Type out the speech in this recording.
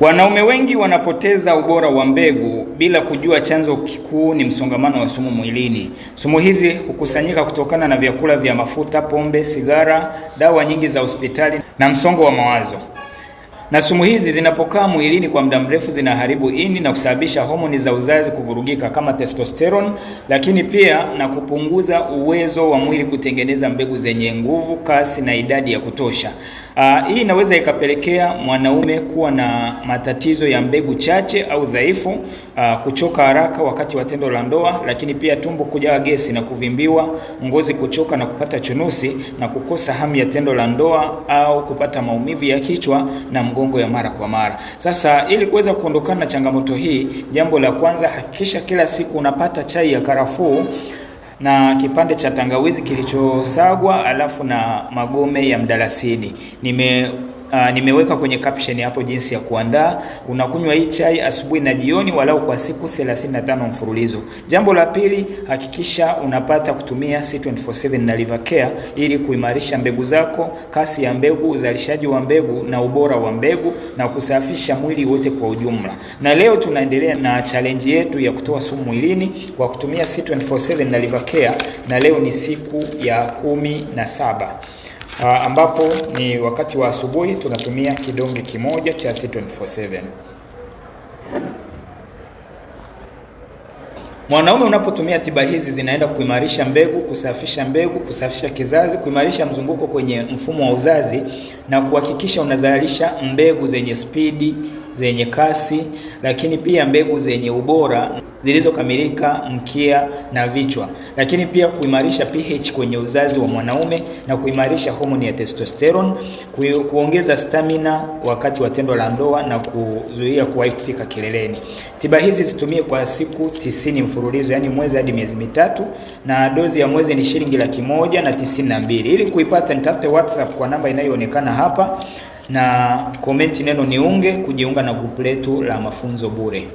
Wanaume wengi wanapoteza ubora wa mbegu bila kujua chanzo kikuu ni msongamano wa sumu mwilini. Sumu hizi hukusanyika kutokana na vyakula vya mafuta, pombe, sigara, dawa nyingi za hospitali na msongo wa mawazo na sumu hizi zinapokaa mwilini kwa muda mrefu zinaharibu ini na kusababisha homoni za uzazi kuvurugika kama testosterone, lakini pia na kupunguza uwezo wa mwili kutengeneza mbegu zenye nguvu, kasi na idadi ya kutosha. Aa, ah, hii inaweza ikapelekea mwanaume kuwa na matatizo ya mbegu chache au dhaifu, ah, kuchoka haraka wakati wa tendo la ndoa, lakini pia tumbo kujaa gesi na kuvimbiwa, ngozi kuchoka na kupata chunusi na kukosa hamu ya tendo la ndoa au kupata maumivu ya kichwa na mgo mgongo ya mara kwa mara. Sasa ili kuweza kuondokana na changamoto hii, jambo la kwanza, hakikisha kila siku unapata chai ya karafuu na kipande cha tangawizi kilichosagwa alafu na magome ya mdalasini. Nime Uh, nimeweka kwenye caption hapo jinsi ya kuandaa. Unakunywa hii chai asubuhi na jioni walau kwa siku 35 mfululizo. Jambo la pili, hakikisha unapata kutumia C247 na Livercare ili kuimarisha mbegu zako, kasi ya mbegu, uzalishaji wa mbegu na ubora wa mbegu na kusafisha mwili wote kwa ujumla. Na leo tunaendelea na challenge yetu ya kutoa sumu mwilini kwa kutumia C247 na Livercare na leo ni siku ya kumi na saba. Aa, ah, ambapo ni wakati wa asubuhi tunatumia kidonge kimoja cha C247. Mwanaume unapotumia tiba hizi zinaenda kuimarisha mbegu, kusafisha mbegu, kusafisha kizazi, kuimarisha mzunguko kwenye mfumo wa uzazi na kuhakikisha unazalisha mbegu zenye spidi, zenye kasi, lakini pia mbegu zenye ubora zilizokamilika mkia na vichwa, lakini pia kuimarisha pH kwenye uzazi wa mwanaume na kuimarisha homoni ya testosterone, kuongeza stamina wakati wa tendo la ndoa na kuzuia kuwahi kufika kileleni. Tiba hizi zitumie kwa siku tisini mfululizo, yani mwezi hadi miezi mitatu, na dozi ya mwezi ni shilingi laki moja na tisini na mbili. Ili kuipata nitafute WhatsApp kwa namba inayoonekana hapa na komenti neno niunge kujiunga na grupu letu la mafunzo bure.